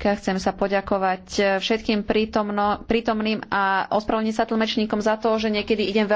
Chcem sa poďakovať eh, všetkým prítomno, prítomným a ospravedlniť sa tlmečníkom za to, že niekedy idem veľmi